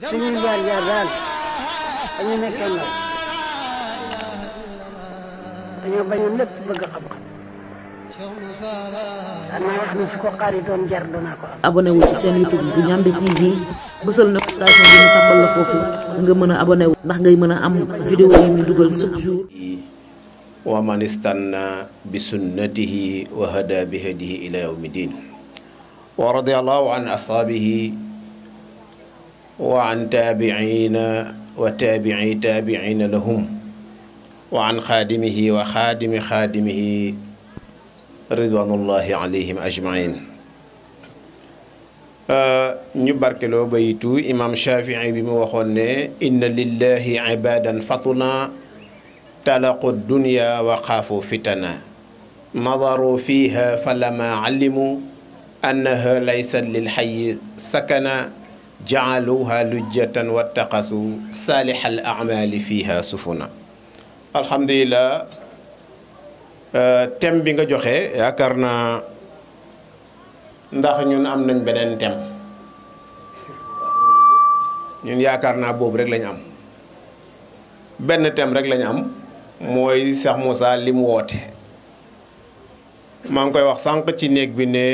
suñuy jaar jaar daal dañu seen YouTube bu Ndiamé TV bësal na ko station bi ñu tàmbal nga mën a abonné ndax ngay mën a am vidéo yi ñu dugal chaque jour. wa man istanna bi sunnatihi wa hada bi hadihi ila yawmi din wa radiallahu an ashabihi وعن تابعين وتابعي تابعين لهم وعن خادمه وخادم خادمه رضوان الله عليهم أجمعين نبارك لو بيتو إمام شافعي بموخون إن لله عبادا فطنا تلقوا الدنيا وخافوا فتنا نظروا فيها فلما علموا أنها ليس للحي سكنا jaaluha lujjatan wattaqasu saalihal amali fiha na alhamdulilah euh, thème bi nga joxe yaakaar naa ndax ñun am nañ beneen thème ñun yaakaar naa boobu rek lañu am benn thème rek lañu am mooy Cheikh Moussa li woote maa ngi koy wax sànq ci néeg bi ne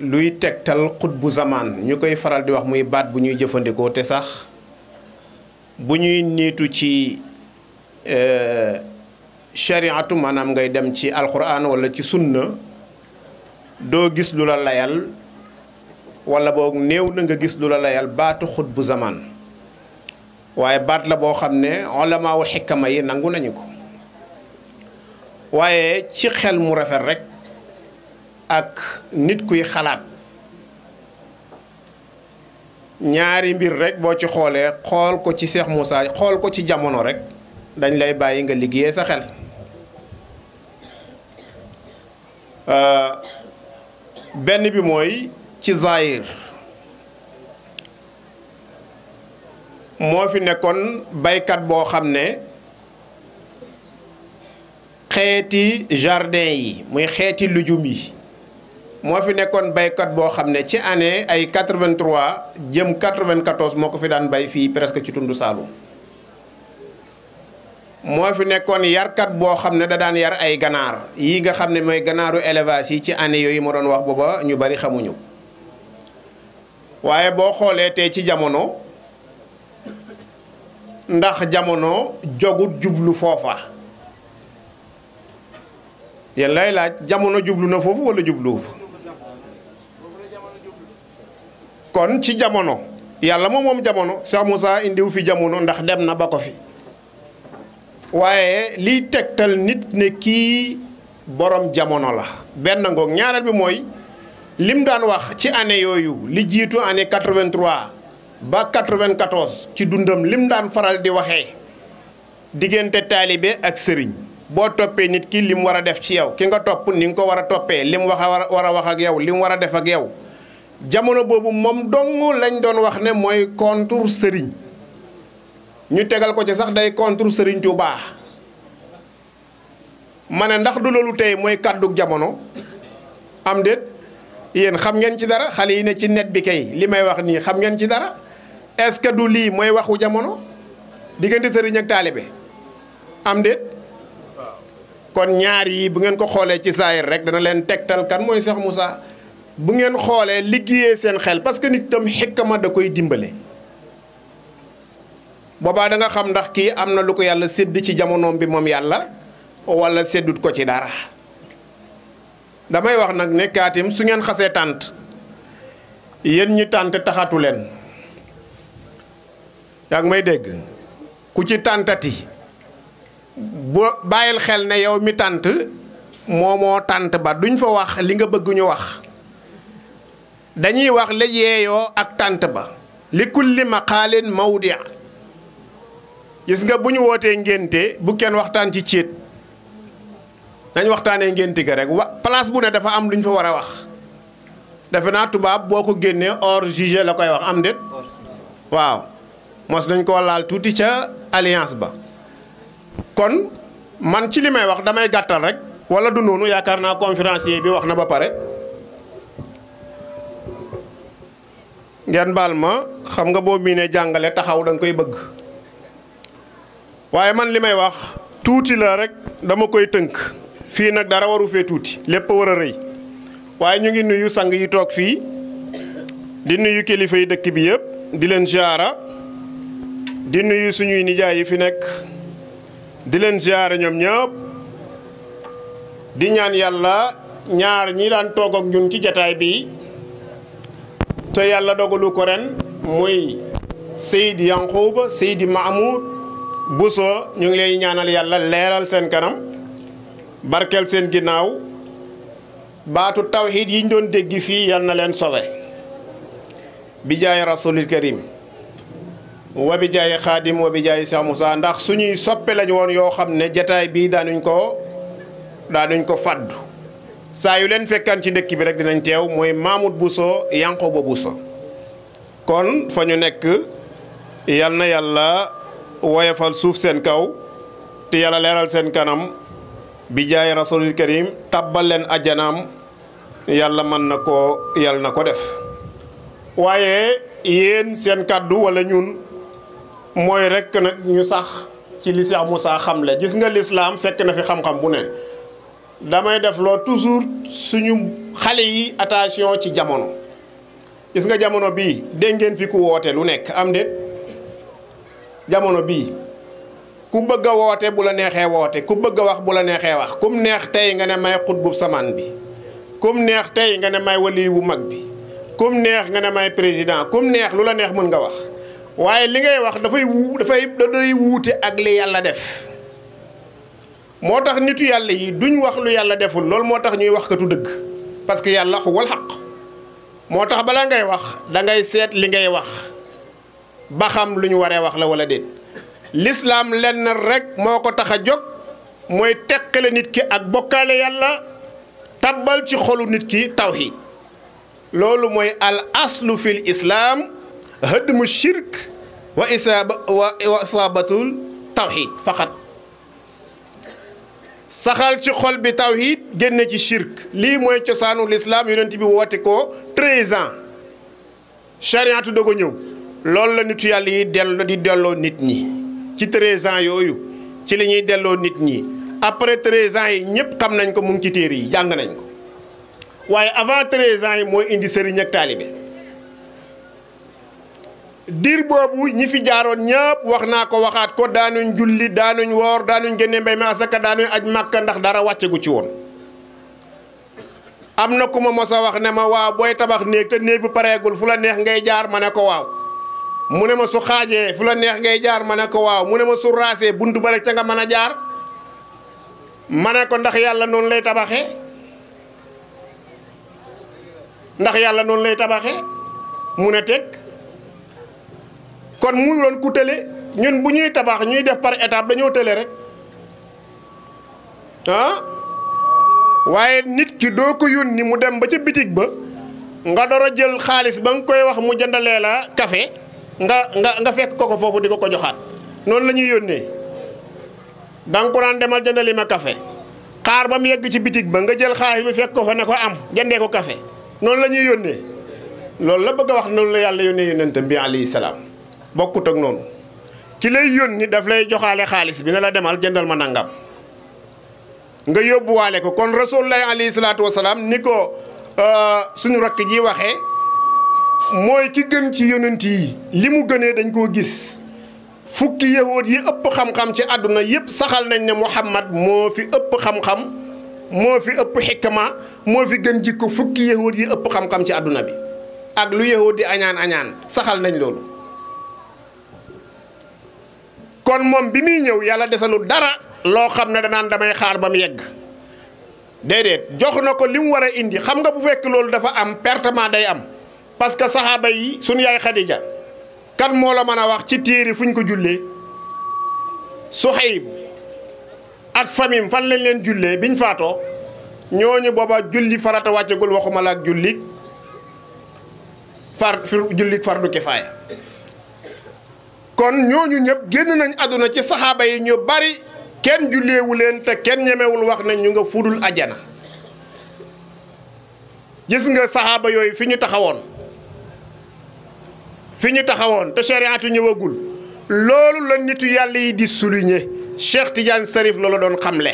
luy tegtal xut bu zamaan ñu koy faral di wax muy baat bu ñuy jëfandikoo te sax bu ñuy niitu ci euh, shariatu maanaam ngay dem ci alquran wala ci sunna doo gis lu la layal wala boog néew na nga gis lu la layal baatu xut bu zamaan waaye baat la boo xam ne ulamaawu xikama yi nangu nañu ko waaye ci xel mu rafet rek ak nit kuy xalaat ñaari mbir rek boo ci xoolee xool ko ci Cheikh Moussa xool ko ci jamono rek dañ lay bàyyi nga liggéey sa xel euh, benn bi mooy ci Zahir moo fi nekkoon baykat boo xam ne xeeti jardin yi muy xeeti lujum yi moo fi nekkoon baykat boo xam ne ci année ay 83 jëm 94 moo ko fi daan bay fii presque ci tundu Saalum moo fi nekkoon yarkat boo xam ne da daan yar ay ganaar yi nga xam ne mooy ganaaru élevage yi ci année yooyu ma doon wax booba ñu bari xamuñu waaye boo xoolee tey ci jamono ndax jamono jogut jublu foofa yéen lay laaj jamono jublu na foofu wala jubluwu kon ci jamono yàlla moom moom jamono Cheikh Moussa indiw fi jamono ndax dem na ba ko fi waaye liy tegtal nit ne kii boroom jamono la. benn ngoog ñaareel bi mooy lim daan wax ci année yooyu li jiitu année 83 ba 94 ci dundam lim daan faral di waxee diggante taalibe ak sëriñ boo toppee nit ki lim war a def ci yow ki nga topp ni nga ko war a toppee lim wax a war a wax ak yow lim war a def ak yow. jamono bobu mom dongu lañ doon wax ne moy contour Serigne ñu tégal ko ci sax day kontur Serigne tu baax mané ndax du lolu tay moy kaddu jamono am déet yeen xam ngeen ci dara xali ne ci net bi kay limay wax ni xam ngeen ci dara est-ce que du li moy waxu jamono diggante Serigne ak talibé am kon ñaar yi bu ngeen ko xolé ci sayr rek dana leen tektal kan moy Cheikh Moussa. bu ngeen xoolee liggéeyee seen xel parce que nit tam xikma da koy dimbale boobaa danga xam ndax kii am na lu ko yàlla sédd ci jamono bi moom yàlla wala séddut ko ci dara damay wax nag ne su ngeen xasee tànt yéen ñi tànt taxatu leen yaa may dégg ku ci tàntati bu bàyyil xel ne yow mi tànt moomoo tànt ba duñ fa wax li nga bëgguñu wax dañuy wax la yeeyoo ak tànt ba li kulli maqaalin mawdi gis nga bu ñu wootee ngénte bu kenn waxtaan ci céet dañ waxtaanee ngénte ga rek wa place bu ne dafa am lu ñu fa war a wax defe naa tubaab boo ko génnee hors sujet la koy wax am déet waaw mos dañ ko laal tuuti ca alliance ba kon man ci li may wax damay gàttal rek wala du noonu yaakaar naa conférencier bi wax na ba pare ngeen baal ma xam nga boo miinee jàngale taxaw danga koy bëgg waaye man li may wax tuuti la rek dama koy tënk fii nag dara waru fee tuuti lépp war a rëy waaye ñu ngi nuyu sang yi toog fii di nuyu kilifa yi dëkk bi yépp di leen ziara di nuyu suñuy nijaay yi fi nekk di leen ziara ñoom ñëpp di ñaan yàlla ñaar ñi daan toog ak ñun ci jataay bii te yàlla dogalu ko ren muy Seydi Yanquba Seydi Mahmoud Bousso ñu ngi lay ñaanal yàlla leeral seen kanam barkeel seen ginnaaw baatu tawxiid yi ñu doon dégg fii yal na leen sowe bi jaay rasulil karim wa bi jaay xaadim wa bi jaay Cheikh Moussa ndax suñuy soppe lañu woon yoo xam ne jataay bii daanuñ ko daanuñ ko fàddu saa yu leen fekkaan ci dëkk bi rek dinañ teew mooy bu so Mamoud ba bu so kon fa ñu nekk yal na yàlla woyofal suuf seen kaw te yàlla leeral seen kanam bi jaay rasulil karim tàbbal leen ajjanaam yàlla mën na ko yàlla na ko def waaye yéen seen kàddu wala ñuun mooy rek nag ñu sax ci li Cheikh Moussa xam le gis nga lislaam fekk na fi xam-xam bu ne damay def loo toujours suñu xale yi attention ci jamono gis nga jamono bii dégg ngeen fi ku woote lu nekk am déet jamono bii ku bëgg a woote bu la neexee woote ku bëgg a wax bu la neexee wax kum neex tey nga ne may xutbu samaan bi kum neex tey nga ne may wali bu mag bi kum neex nga ne may président kum neex lu la neex mën nga wax waaye li ngay wax dafay wu dafay da doy wuute ak li yàlla def motax nitu yàlla yi duñ wax lu yàlla deful lol motax ñuy wax ka tu deug parce que yàlla xuwal xaq moo tax balaa ngay wax da ngay set li ngay wax ba xam luñu waré wax la wala déet l'islam lenn rek moko taxa jóg moy tekkale nit ki ak bokale yàlla tabal ci xolu nit ki tawhid lolou moy al aslu fil islam hadmu shirk wa isaba wa isabatul tawhid faqat saxal ci xol bi tawhid génne ci shirk lii mooy cosaanu lislaam yonent bi woote ko 13 ans chariatu doog a ñëw loolu la nitu yàlla yi dellu di delloo nit ñi ci 13 ans yooyu ci li ñuy delloo nit ñi après 13 ans yi ñëpp xam nañ ko mu ngi ci téere yi jàng nañ ko waaye avant 13 ans yi mooy indi sëriñ ak diir boobu ñi fi jaaroon ñëpp wax naa ko waxaat ko daanuñ julli daanuñ woor daanuñ génne mbay mi asaka daanuñ aj màkka ndax dara wàccegu ci woon am na ku ma mos wax ne ma waaw booy tabax néeg te néeg bi pareegul fu la neex ngay jaar ma ne ko waaw mu ne ma su xaajee fu la neex ngay jaar ma ne ko waaw mu ne ma su raasee bunt ba rek te nga mën a jaar ma ne ko ndax yàlla noonu lay tabaxee ndax yàlla noonu lay tabaxe mu ne teg kon mu doon ku tële ñun bu ñuy tabax ñuy def par étape dañoo tële rek ah waaye nit ki doo ko yónni mu dem ba ca bitig ba nga door a jël xaalis ba nga koy wax mu jëndalee la café nga nga nga fekk ko ko foofu di ko ko joxaat noonu la ñuy yónnee da nga ko naan demal jëndali ma kafe xaar ba mu yegg ci bitig ba nga jël xaalis bi fekk ko fa ne ko am jëndee ko café noonu la ñuy yónnee loolu la bëgg a wax noonu la yàlla yónnee yónnentam bi alayhi salaam bokkut ak noonu ci lay ni daf lay joxaale xaalis bi na la demal jëndal ma nangam nga yóbbuwaale ko kon rasulullahi alayhi salaatu wasalaam ni ko euh, suñu rakk ji waxee mooy ki gën ci yonent yi li mu gënee dañ koo gis fukki yahood yi ëpp xam-xam ci àdduna yëpp saxal nañ ne muhammad moo fi ëpp xam-xam moo fi ëpp xikma moo fi gën jikko fukki yahood yi ëpp xam-xam ci àdduna bi ak lu yahood di añaan añaan saxal nañ loolu kon mom bi mi ñew yalla desalu dara lo xamne da nan damay xaar bam yegg déedéet jox na ko indi xam nga bu fekk dafa am pertement day am parce que sahaba yi sun yaay khadija kan mo la meuna wax ci téré fuñ ko jullee Suhayb ak famim fan lañ leen jullee biñ faato ñoñu boba julli farata waccagul waxuma la ak julli far julli fardu kifaya kon ñooñu ñëpp génn nañ àdduna ci saxaaba yi ñu bari kenn julleewu leen te kenn ñemewul wax nañ ñu nga fudul ajana gis nga saxaaba yooyu fi ñu taxawoon fi ñu taxawoon te chariatu ñëwagul loolu la nitu yàlla yi di souligner Cheikh Tidiane Sarif loola doon xamle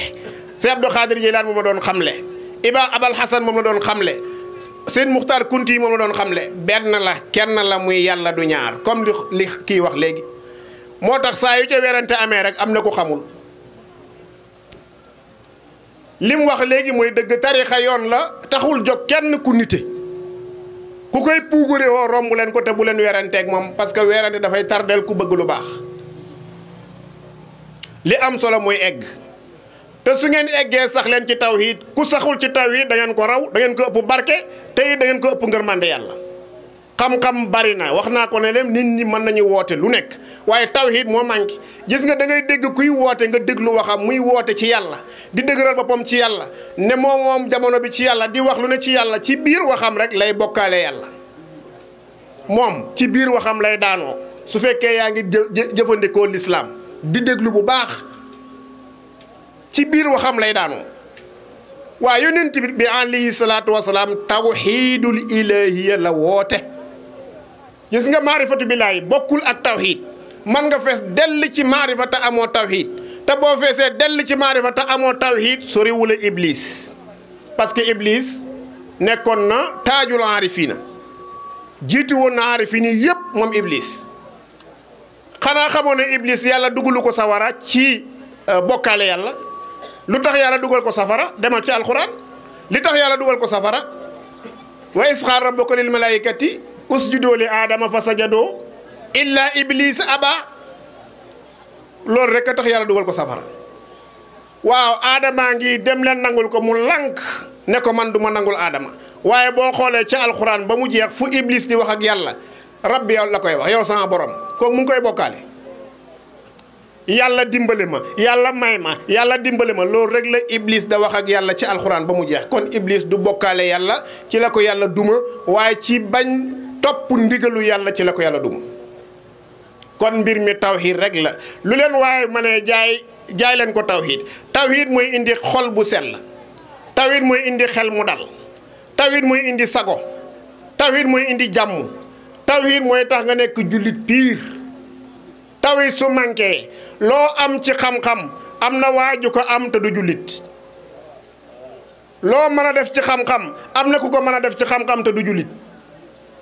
Cheikh Abdou Khadir Jeylaan moom la doon xamle ibaa Abal Hasan moom la doon xamle seen Muxtaar Kunti yi moom la doon xamle benn la kenn la muy yàlla du ñaar comme li kiy wax léegi moo tax saa yu ca weerante amee rek am na ku xamul lim wax léegi mooy dëgg tarixa yoon la taxul jot kenn ku nite ku koy puugure woo romb leen ko te bu leen weranteeg moom parce que werante dafay tardeel ku bëgg lu baax li am solo mooy egg te su ngeen eggee sax leen ci taw tawhid ku saxul ci tawhid da ngeen ko raw da ngeen ko ëpp barke te it da ngeen ko ëpp ngërmande yàlla xam-xam bari na wax naa ko ne leen nit ñi mën nañu woote lu nekk waaye tawhid moom manqué gis nga da ngay dégg kuy woote nga déglu waxam muy woote ci yàlla di dëgëral boppam ci yàlla ne moom moom jamono bi ci yàlla di wax lu ne ci yàlla ci biir waxam rek lay bokkaale yàlla moom ci biir waxam lay daanoo su fekkee yaa ngi jëfandikoo lislaam di déglu bu baax ci biir waxam lay daanoo waa yonent bi alayhi salaatu wasalaam tawhidul ilahiya la woote gis nga maarifatu billaahi bokkul ak tawxiid man nga fees dell ci maarifa te te boo feesee dell ci maarifa te amoo tawxiid soriwula iblis parce que iblis nekkoon na taajul aarifiina jiitu woon na aarifiini yépp moom iblis xanaa xamoon ne iblis yàlla dugalu ko sawara ci euh, bokkaale yàlla lu tax yàlla dugal ko safara demal ci alxuraan li tax yàlla dugal ko safara wa isxaar rabbuka lil malaayikati usjudoo li aadama fa sajadoo illa iblis aba loolu rek a tax yàlla dugal ko safara waaw aadamaa ngi dem leen nangul ko mu lànk ne ko man du ma nangul aadama waaye boo xoolee ca alxuraan ba mu jeex fu iblis di wax ak yàlla rab yow la koy wax yow sama borom kooku mu ngi koy bokkaale yàlla dimbali ma yàlla may ma yàlla dimbali ma loolu rek la iblis da wax ak yàlla ci alxuraan ba mu jeex kon iblis du bokkaale yàlla ci la ko yàlla duma waaye ci bañ topp ndigalu yàlla ci la ko yàlla duma kon mbir mi taw tawxiid rek la lu leen waaye ma ne jaay jaay leen ko taw tawxiid mooy indi xol bu sell tawxiid mooy indi xel mu dal tawxiid mooy indi sago tawxiid mooy indi jàmm tawxiid mooy tax nga nekk jullit piir tawxiid su manqué loo am ci xam-xam am na waa ju ko am te du jullit loo mën a def ci xam-xam am na ku ko mën a def ci xam-xam te du jullit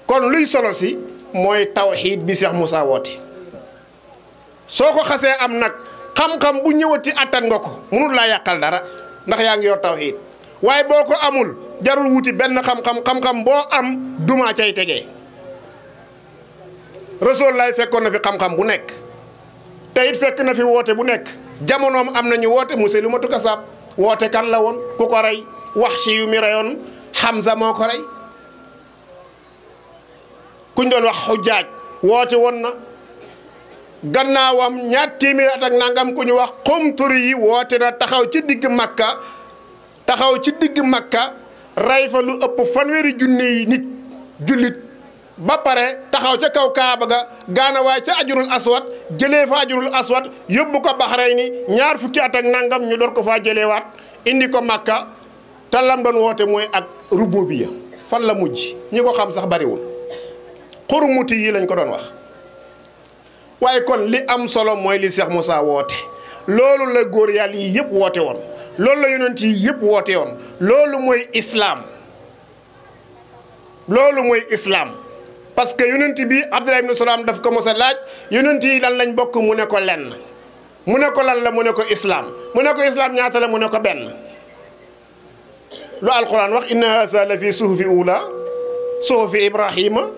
kon luy solo si mooy tawxiid bi Cheikh Moussa woote soo ko xasee am nag xam-xam bu ñëwati attan nga ko mënul laa yàqal dara ndax yaa ngi yor tawxiid waaye boo ko amul jarul wuti benn xam-xam boo am duma cay tegee Rasuul laay fekkoon na fi xam-xam bu nekk te it fekk na fi woote bu nekk jamonoom am nañu woote Musaylimatu Kasaab woote kan la woon ku ko rey Wahshi yu mi reyoon Hamza moo ko rey kuñ doon wax xujjaaj woote woon na gannaawam ñaat téeméer at ak nangam ku ñu wax xomturi yi woote na taxaw ci digg makka taxaw ci digg makka rey fa lu ëpp fanweeri junne yi nit jullit ba pare taxaw ca kaw kaaba ga ca ajurul aswat jëlee fa ajurul aswat yóbbu ko baxray ni ñaar fukki at ak nangam ñu door ko faa jëleewaat indi ko makka te lam doon woote mooy ak rubobiya. fan la mujj ñi ko xam sax bariwul qurmuti yi lañ ko doon wax waaye kon li am solo mooy li Cheikh Moussa woote loolu la góor yàlla yi yëpp woote woon loolu la yonent yi yëpp woote woon loolu mooy islam loolu mooy islam parce que yonent bi abdoulaye ibn Salaam daf ko mos a laaj yonent yi lan lañ bokk mu ne ko lenn mu ne ko lan la mu ne ko islam mu ne ko islam ñaata la mu ne ko benn lu alquran wax inna hasa la fi suhufi ula suhufi ibrahima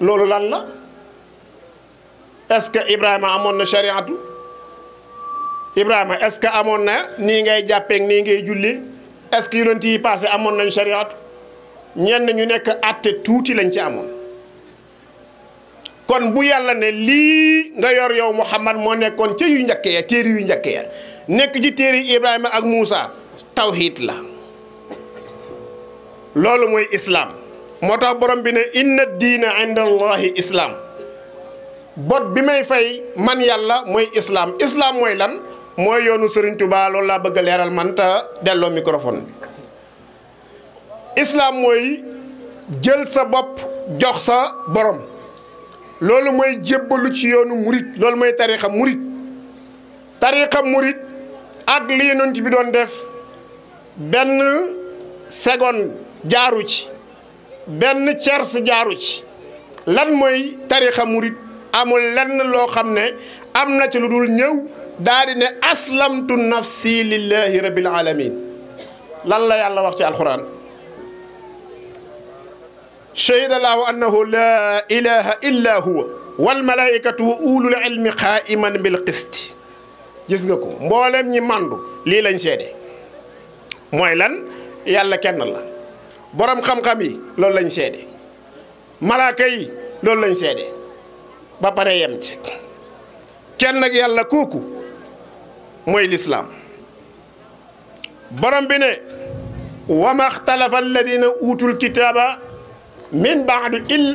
loolu lan la est-ce que Ibrahima amoon na chariatu Ibrahima est que amoon na nii ngay jàppeek nii ngay julli est-ce que yonent yi passé amoon nañ chariatu ñenn ñu nekk àtte tuuti lañ ci amoon kon bu yàlla ne lii nga yor yow Muhammad moo nekkoon ca yu njëkk ya téere yu njëkk ya nekk ci téere Ibrahima ak Moussa tawhid la loolu mooy islaam moo tax borom bi ne inna diina inda islaam bot bi may fay man yàlla mooy islaam islaam mooy lan mooy yoonu Serigne Touba loolu laa bëgg a leeral manta delloo microphone bi islaam mooy jël sa bopp jox sa borom loolu mooy jébbalu ci yoonu murit loolu mooy tarixa murit tarixa murit ak li yonent bi doon def benn seconde jaaru ci benn cers jaaru ci lan mooy tarixa murit amul lenn loo xam ne am na ci lu dul ñëw daa di ne aslamtu nafsi lillahi rabbil alamin lan la yàlla wax ci alquran shahida allahu annahu la ilaha illa huwa wal malaikatu wa ulul ilmi qaiman bil qist gis nga ko mboolem ñi màndu lii lañ seede mooy lan yàlla kenn la borom xam-xam yi loolu lañ seede malaaka yi loolu lañ seede ba pare yem ci kenn ak yàlla kooku mooy lislaam borom bi ne wa ma xtalafa alladina uutul kitaaba min baadi il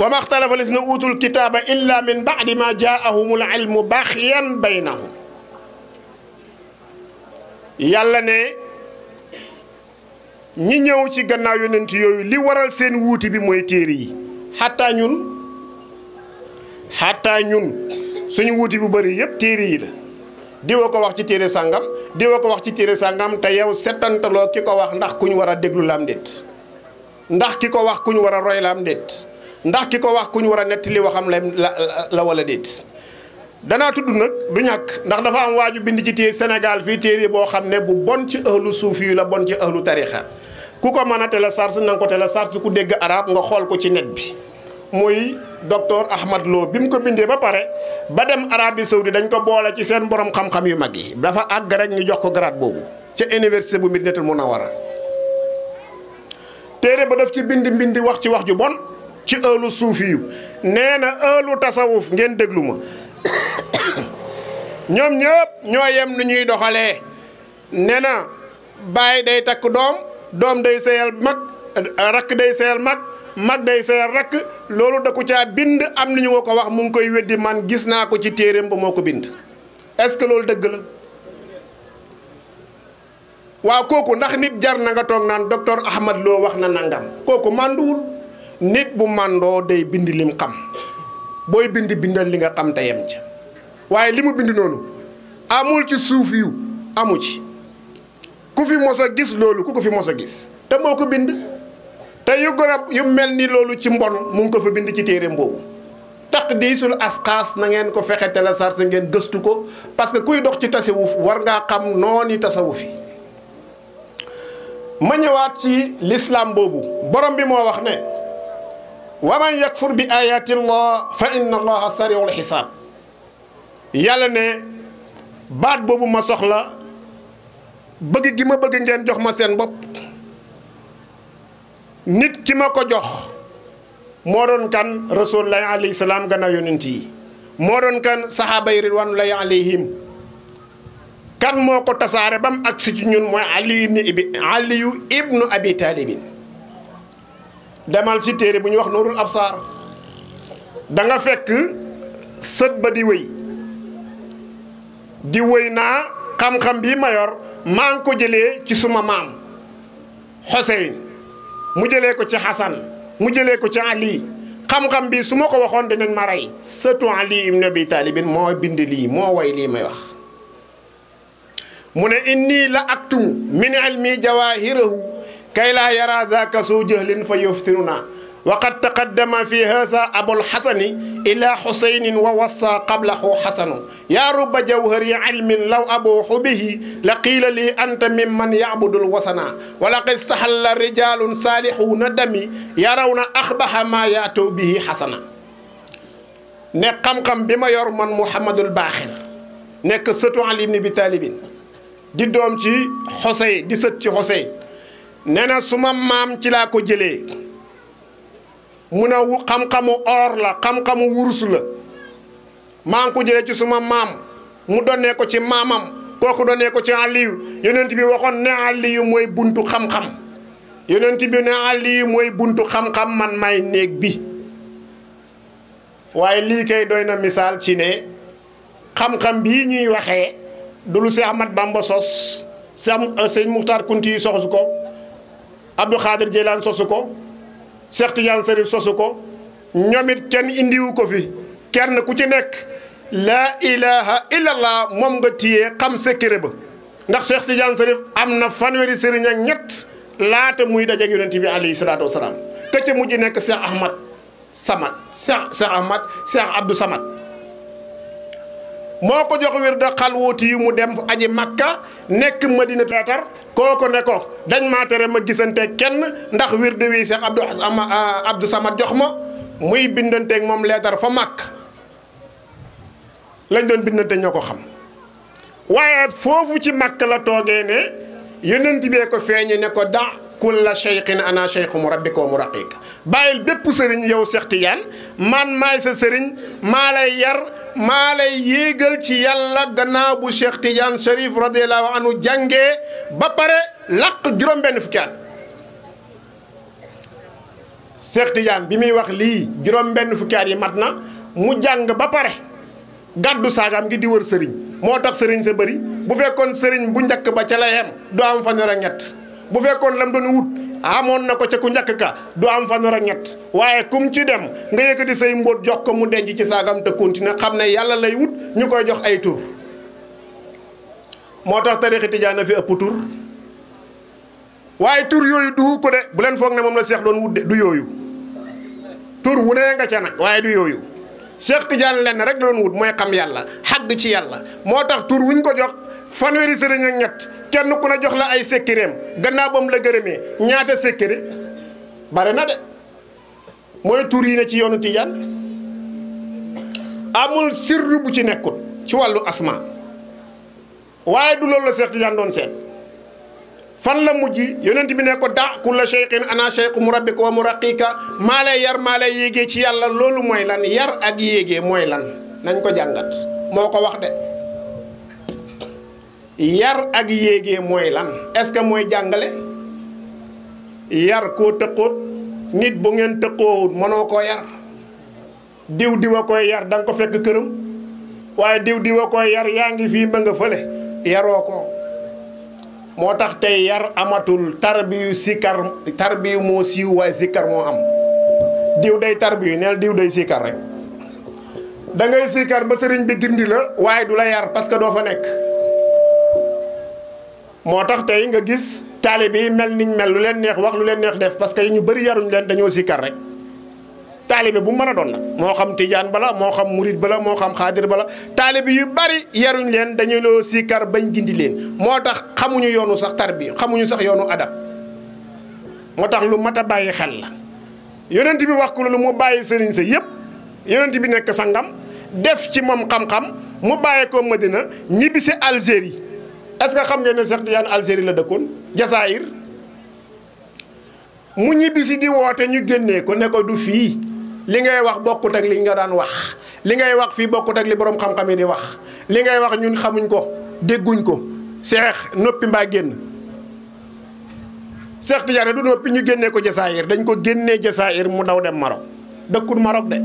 وما اختلف الذين اوتوا الكتاب الا من بعد ما جاءهم العلم بخيا بينهم يلا yàlla ñi ñëw ci gannaaw yonent yooyu li waral seen wuuti bi mooy téere yi xataa ñun xataa ñun suñu wuuti bu bari yëpp téere yi la diwa ko wax ci téere sàngam diwa ko wax ci téere sàngam te yow setantaloo ki ko wax ndax kuñ war a déglu laam déet ndax ki ko wax kuñ war a roy laam déet ndax ki ko wax kuñ war a nettali waxam la la wala déet danaa tudd nag du ñàkk ndax dafa am waaju bind ci téere senegal fii téere boo xam ne bu bon ci ëhlu suuf yi la bon ci ëhlu tarixa ku ko mën a télécharge na nga ko télécharge ku dégg araab nga xool ko ci net bi muy docteur Ahmad Lo bi mu ko bindee ba pare ba dem Arabie Saoudi dañ ko boole ci seen borom xam-xam yu mag yi dafa àgg rek ñu jox ko grade boobu ca université bu a wara téere ba def ci bind mbind wax ci wax ju bon ci ëllu suufi yu nee na ëllu tasawuf ngeen déglu ma ñoom ñëpp ñoo yem nu ñuy doxalee nee na bàyyi day takk doom. doom day seeyal mag rakk day seeyal mag mag day seeyal rakk loolu da ku caa bind am nañu woo ko wax mu ngi koy weddi man gis naa ko ci téeréem ba moo ko bind est-ce que loolu dëgg la waa kooku ndax nit jar na nga toog naan docteur Ahmad Lo wax na nangam kooku mànduwul nit bu màndoo day bind lim xam booy bind bindal li nga xam te yem ca waaye li mu bind noonu amul ci suuf yu amu ci ku fi mos a gis loolu ku ko fi mos a gis te moo ko bind te yu garab yu mel ni loolu ci mbon mu ngi ko fa bind ci téereem boobu taqdiisul asxaas na ngeen ko fexe te la sar ngeen gëstu ko parce que kuy dox ci tasawuf war ngaa xam noonu tasawuf yi ma ñëwaat ci lislaam boobu borom bi moo wax ne wa man yakfur bi fa inna allaha sariul xisaab yàlla ne baat boobu ma soxla bëgg gi ma bëgg ngeen jox ma seen bopp nit ki ma ko jox moo doon kan rasulullahi alayhi salaam gannaaw yonent yi moo doon kan saxaaba yi ridwanullahi alayhim kan moo ko tasaare ba mu agsi ci ñun mooy aliyu ibnu ibnu abi demal ci téere bu ñu wax nuurul ab da danga fekk sët ba di wéy di wéy naa xam-xam bii ma maa ngi ko jëlee ci suma maam Xoseyn mu jëlee ko ci Xasan mu jëlee ko ci Ali xam-xam bi su ma ko waxoon dinañ ma rey sëtu Ali ibn Abi Talibin moo bind lii moo woy lii may wax mu ne inni la aktumu min ilmi jawahirahu kay laa yara daka soo jëhlin fa yuftiruna وقد تقدم في هذا أبو الحسن إلى حسين ووصى قبله حسن يا رب جوهر علم لو أبوح به لقيل لي أنت ممن يعبد الوسنا ولقد سحل رجال صالحون دمي يرون أخبح ما يأتوا به حسنا نقم قم بما يرمن محمد الباخر نك Mouhamadul علي بن sëtu Ali ibn Abi Talibin di doom ci Xuseyn di sët ci Xuseyn nee na suma mu ne xam-xamu or la xam-xamu wurus la maa ngi ko jële ci suma maam mu donnee ko ci maamam kooku donnee ko ci Aliyu yonent bi waxoon ne Aliyu mooy buntu xam-xam yonent bi ne Aliyu mooy buntu xam-xam man may néeg bi waaye lii kay doy na misaal ci ne xam-xam bii ñuy waxee du lu si Ahmad Bamba sos sëñ Muxtaar Kunti yi soxsu ko Abdou Xaadir Jeylaan sosu ko Cheikh Tidiane Sarif sosu ko ñoom it kenn indiwu ko fi kenn ku ci nekk la ilaha illallah moom nga téye xam secret ba ndax Cheikh Tidiane Sarif am na fanweeri sëriñ ak ñett laata muy dajeeg yonent bi alayhi salaatu wasalaam te ci mujj nekk Cheikh Ahmad Samad Cheikh Cheikh Ahmad Cheikh Abdou Samad moo ko jox wér da xalwóoti yi mu dem aji makka nekk madina teetar kooko ne ko dañ maa tere ma gisante kenn ndax wér de wii Cheikh Abdou Sama ah, Samad jox ma muy bindanteek moom leetar fa màkk lañ doon bindante ñoo ko xam waaye foofu ci màkk la toogee ne yonent bee ko feeñe ne ko da kulla cheikhin ana cheikhu mu rabbika mu raqiik bàyyil bépp sëriñ yow Cheikh Tidiane man maay sa sëriñ maa lay yar maa lay yéegal ci yàlla gannaaw bu Cheikh Tidiane Cherif radiallahu anhu jànge ba pare làq juróom-benn fukki at Cheikh Tidiane bi muy wax lii juróom-benn fukki at yi mat na mu jàng ba pare gàddu saagam ngi di wër sëriñ moo tax sëriñ sa bëri bu fekkoon sëriñ bu njëkk ba ca la du am fanweer ak ñett bu fekkoon lam doon wut a amoon na ko ca ku njëkk ka du am fanweer ak ñett waaye kum ci dem nga yëkkati say mbóot jox ko mu denc ci saagam te continuer xam ne yàlla lay wut ñu koy jox ay tur moo tax tariixi tijaana fi ëpp tur waaye tur yooyu du ko de bu leen foog ne moom la seex doon wut de du yooyu tur wu ne nga ca nag waaye du yooyu seex tijaan lenn rek la doon wut mooy xam yàlla xàgg ci yàlla moo tax tur wuñ ko jox fanweeri sëriñ ak ñett kenn ku ne jox la ay sekkireem gannaaw ba la gërëmee ñaata sekkire bare na de mooy tur yi ne ci yoonu Tijaan amul sirru bu ci nekkut ci wàllu asma waaye du loolu la Seex Tijaan doon seet fan la mujj yonent bi ne ko da kulla cheikhin ana cheikhu murabbika wa muraqika maa lay yar maa lay yéegee ci yàlla loolu mooy lan yar ak yéegee mooy lan nañ ko jàngat moo ko wax de yar ak yéegee mooy lan est-ce que mooy jàngale yar koo tëqoot nit bu ngeen tëqoowut mënoo koo yar diw diwa koy yar da ko fekk këram waaye diw diwa koy yar yaa ngi fii ma nga fële yaroo ko moo tax tey yar amatul tarbiyu sikar tarbiyu moo siiw waaye sikar moo am diw day tarbiyu neel diw day sikar rek da ngay sikar ba sëriñ bi gindi la waaye du la yar parce que doo fa nekk moo tax tey nga gis taalibe yi mel niñ mel lu leen neex wax lu leen neex def parce que ñu bari yaruñ leen dañoo sikkar rek taalibe bu mën a doon nag moo xam tijaan bala moo xam murit bala moo xam xaadir bala taalibe yu bari yaruñ leen dañu loo sikkar bañ gindi leen moo tax xamuñu yoonu sax tarbiya xamuñu sax yoonu adab moo tax lu mat a bàyyi xel la yonent bi wax ku ko lu mu bàyyi sëriñ sa yëpp yonent bi nekk sangam def ci moom xam-xam mu bàyyi ko Madina ñibbisi Algérie est que xam ngeen ne Cheikh Tidiane Algérie la dëkkoon Jasaayir mu ñibbi si di woote ñu génnee ko ne du fii li ngay wax bokkut ak li nga daan wax li ngay wax fii bokkut ak li borom xam-xam yi di wax li ngay wax ñun xamuñ ko dégguñ ko Cheikh noppi mbaa génn Cheikh Tidiane du noppi ñu génnee ko Jasaayir dañ ko génnee Jasaayir mu daw dem Maroc dëkkul Maroc de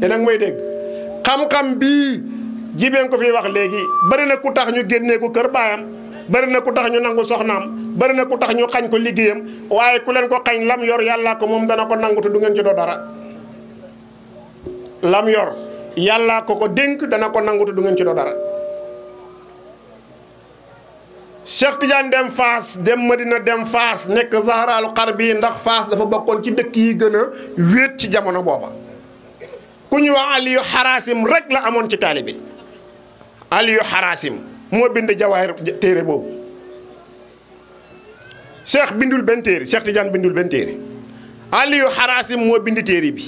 te mooy dégg xam-xam bii. jibeen ko fi wax léegi bari na ku tax ñu génnee ko kër baayam bari na ku tax ñu nangu soxnaam bari na ku tax ñu xañ ko liggéeyam waaye ku leen ko xañ lam yor yàllaa ko moom dana ko nangu du ngeen ci doo dara lam yor yàllaa ko ko dénk dana ko nangu te du ngeen ci doo dara Cheikh Tidiane dem Faas dem Madina dem Faas nekk Zahraal bi ndax Faas dafa bokkoon ci dëkk yi gën a wéet ci jamono booba ku ñu wax Aliyu xaraasim rek la amoon ci taalibe aliyu xaraasim moo bind jawaahir téere boobu cheikh bindul benn téere cheikh Tidiane bindul benn téere aliyu xaraasim moo bind téere bi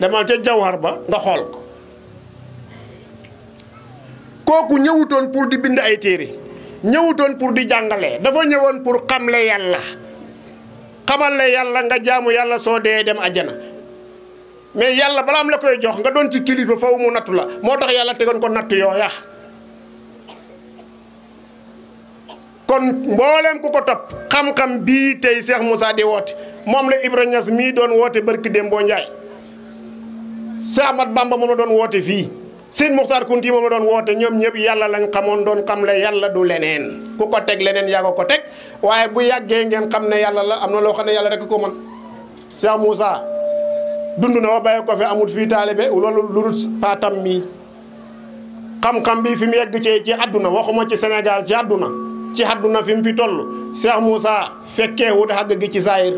demal ca jawhar ba nga xool ko kooku ñëwutoon pour di bind ay téere ñëwutoon pour di jàngale dafa ñëwoon pour xamle yàlla xamal la yàlla nga jaamu yàlla soo dee dem ajjana mais yàlla balaa am la koy jox nga doon ci kilifa faw mu nattu la moo tax yàlla tegoon ko natt yooya kon mboolem ku ko topp xam-xam bii tey Cheikh Moussa di woote moom la Ibra Niass mii doon woote barki Dembo Ndiaye Cheikh mat Bamba moom la doon woote fii Sëñ Muxtaar Kunti moom la doon woote ñoom ñëpp yàlla la xamoon doon xam la yàlla du leneen ku ko teg leneen yaa ko teg waaye bu yàggee ngeen xam ne yàlla la am na loo xam ne yàlla rek ko mën Cheikh dund na ba bàyyi ko fi amul fii taalibe loolu lu dul paatam mi xam-xam bi fi mu yegg cee ci àdduna waxuma ci senegal ci àdduna ci àdduna fi mu fi toll Cheikh Moussa fekkee wut xàgg gi ci saayir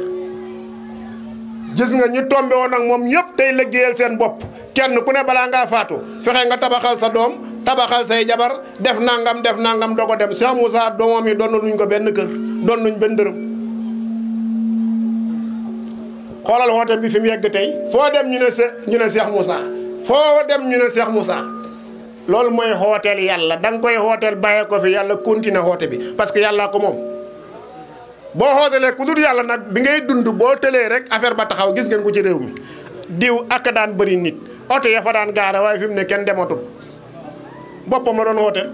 gis nga ñu tombe woon ak moom ñëpp tey liggéeyal seen bopp kenn ku ne balaa ngaa faatu fexe nga tabaxal sa doom tabaxal say jabar def nangam def nangam dogo dem Cheikh Moussa doomam yi doon luñ ko benn kër doon luñ benn dërëm xoolal wooteem bi fi mu yegg tey foo dem ñu ne se ñu ne Cheikh Moussa foo dem ñu ne Cheikh Moussa loolu mooy xooteel yàlla da nga koy xooteel bàyyee ko fi yàlla continué xoote bi parce que yàllaa ko moom. boo xootelee ku dul yàlla nag bi ngay dund boo tëlee rek affaire ba taxaw gis ngeen ko ci réew mi diw ak daan bëri nit oto ya fa daan waaye fi mu ne kenn dematul boppam la doon xooteel.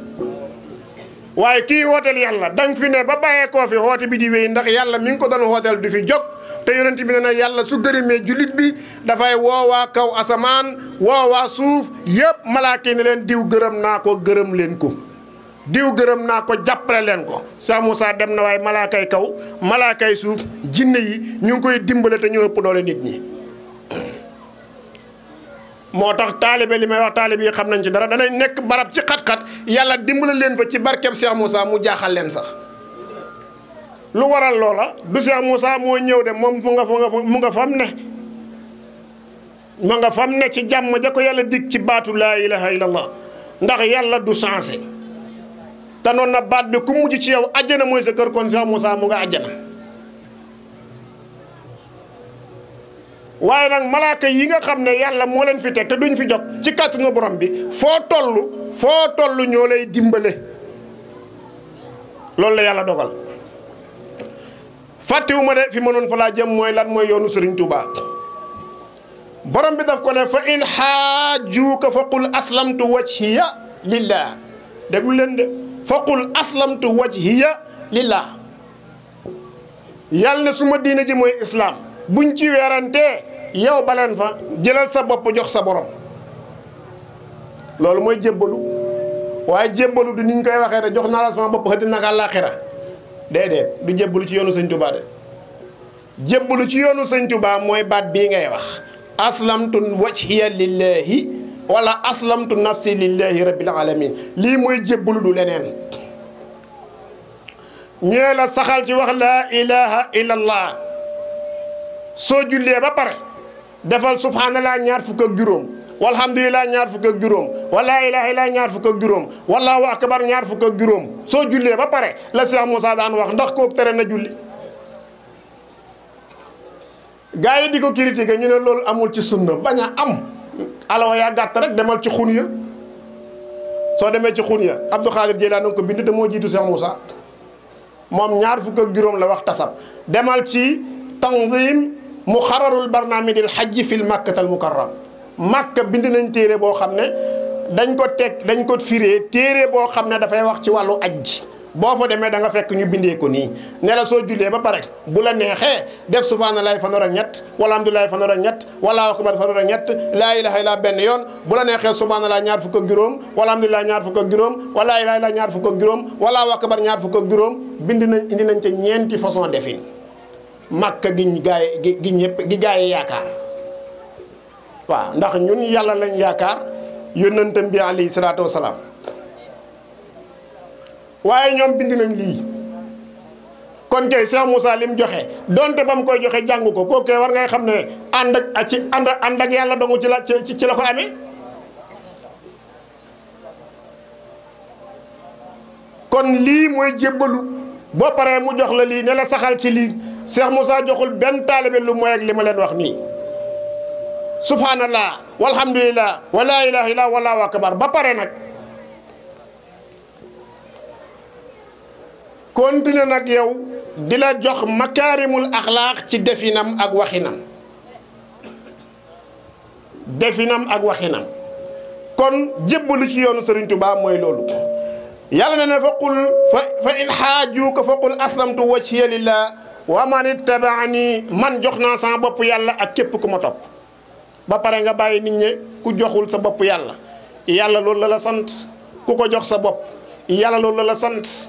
waaye kii xooteel yàlla danga fi ne ba bàyyee koo fi xoote bi di wéy ndax yàlla mi ngi ko doon xooteel di fi jóg. te yonent bi ne na yàlla su gërëmee jullit bi dafay woowaa kaw asamaan woowaa suuf yëpp malaaka yi leen diw gërëm naa ko gërëm leen ko diw gërëm naa ko jàppale leen ko saa Moussa dem na waaye malaakay kaw malaakay suuf jinne yi ñu ngi koy dimbale te ñu ëpp doole nit ñi moo tax taalibe li may wax taalibe yi xam nañ ci dara danay nekk barab ci xat-xat yàlla dimbale leen fa ci barkeb Cheikh Moussa mu jaaxal leen sax lu waral loola du Cheikh Moussa moo ñëw de moom mu nga mu nga fam ne ma nga fam ne ci jàmm ja ko yàlla dig ci baatu laa ilaha ndax yàlla du changé te noon na baat bi ku mujj ci yow àjjana mooy sa kër kon Cheikh Moussa mu nga àjjana waaye nag malaaka yi nga xam ne yàlla moo leen fi teg te duñ fi jot ci kàttanu borom bi foo tollu foo toll ñoo lay dimbale loolu la yàlla dogal fàttewuma de fi mënoon fa laa jëm mooy lan mooy yoonu Serigne Touba borom bi daf ko fa in xaajuuka fa qul aslamtu wajhiya lillah déglu leen de fa qul aslamtu wajhiya lillah yàlla ne su ma diina ji mooy islam buñ ci weerantee yow baleen fa jëlal sa bopp jox sa borom loolu mooy jébbalu waaye jébbalu du ni ñu koy waxee rek jox naa la sama bopp xëdd naka àllaaxira déedéet du jébbalu ci yoonu sëñ Touba de jébbalu ci yoonu sëñ Touba mooy baat bii ngay wax aslamtu wajhiya lillahi wala aslamtu nafsi lillahi rabbil alamin lii mooy jébbalu du leneen ñee la saxal ci wax laa ilaha illallah soo jullee ba pare defal subhanallah ñaar fukk juróom walhamdulilah ñaar fukk ak juróom wala ilaha illa ñaar fukk ak juróom wallahu akbar ñaar fukk ak juróom soo jullee ba pare la Cheikh Moussa daan wax ndax kooku tere na julli gaa yi di ko critiquer ñu ne loolu amul ci sunna bañ a am alawa yaa gàtt rek demal ci xun ya soo demee ci xun ya Abdou Khadir Jeylaani ko bind te moo jiitu Cheikh Moussa moom ñaar fukk ak juróom la wax tasab demal ci tanzim muxararul barnaamijil hajji fil makkatal mukarram màkka bind nañ téere boo xam ne dañ ko teg dañ ko firee téere boo xam ne dafay wax ci wàllu aj ji boo fa demee danga fekk ñu bindee ko nii ne soo jullee ba pare bu la neexee def subhaanallaahi fanweer ak ñett wala alhamdulillaahi fanweer ak ñett wala akbar fanweer ak ñett laa ilaaha illaa benn yoon bu la neexee subhaanallaahi ñaar fukk ak juróom wala alhamdulillaahi ñaar fukk ak juróom wala laa ñaar fukk ak juróom wala akbar ñaar fukk ak juróom bind nañ indi nañ ca ñeenti façon defin màkk gi gaay gi ñëpp gi gaay yaakaar waaw ndax ñun yàlla lañ yaakaar yónnantam bi alayhi salaatu wasalaam waaye ñoom bind nañ lii kon kay Cheikh Moussa lim joxe donte ba mu koy joxe jàng ko kooku war ngay xam ne ànd ak ci ànd ak yàlla dongu ci la ci ci la ko amee. kon lii mooy jébbalu boo paree mu jox la lii ne la saxal ci lii Cheikh Moussa joxul benn taalibe lu mooy ak li ma leen wax nii. subhanallah walhamdulillah wala ilaha illa wallahu akbar ba pare nag continuer nag yow di la jox makaarimul axlaaq ci definam ak waxinam definam ak waxinam kon jébbalu ci yoonu Serigne Touba mooy loolu yàlla na ne fa qul fa in xaajuuka fa qul aslamtu wajhiya lillah wa man ittabaani man jox naa sama bopp yàlla ak képp ku ma topp ba pare nga bàyyi nit ñi ku joxul sa bop yàlla yàlla lool la la sant ku ko jox sa bop yàlla lool la la sant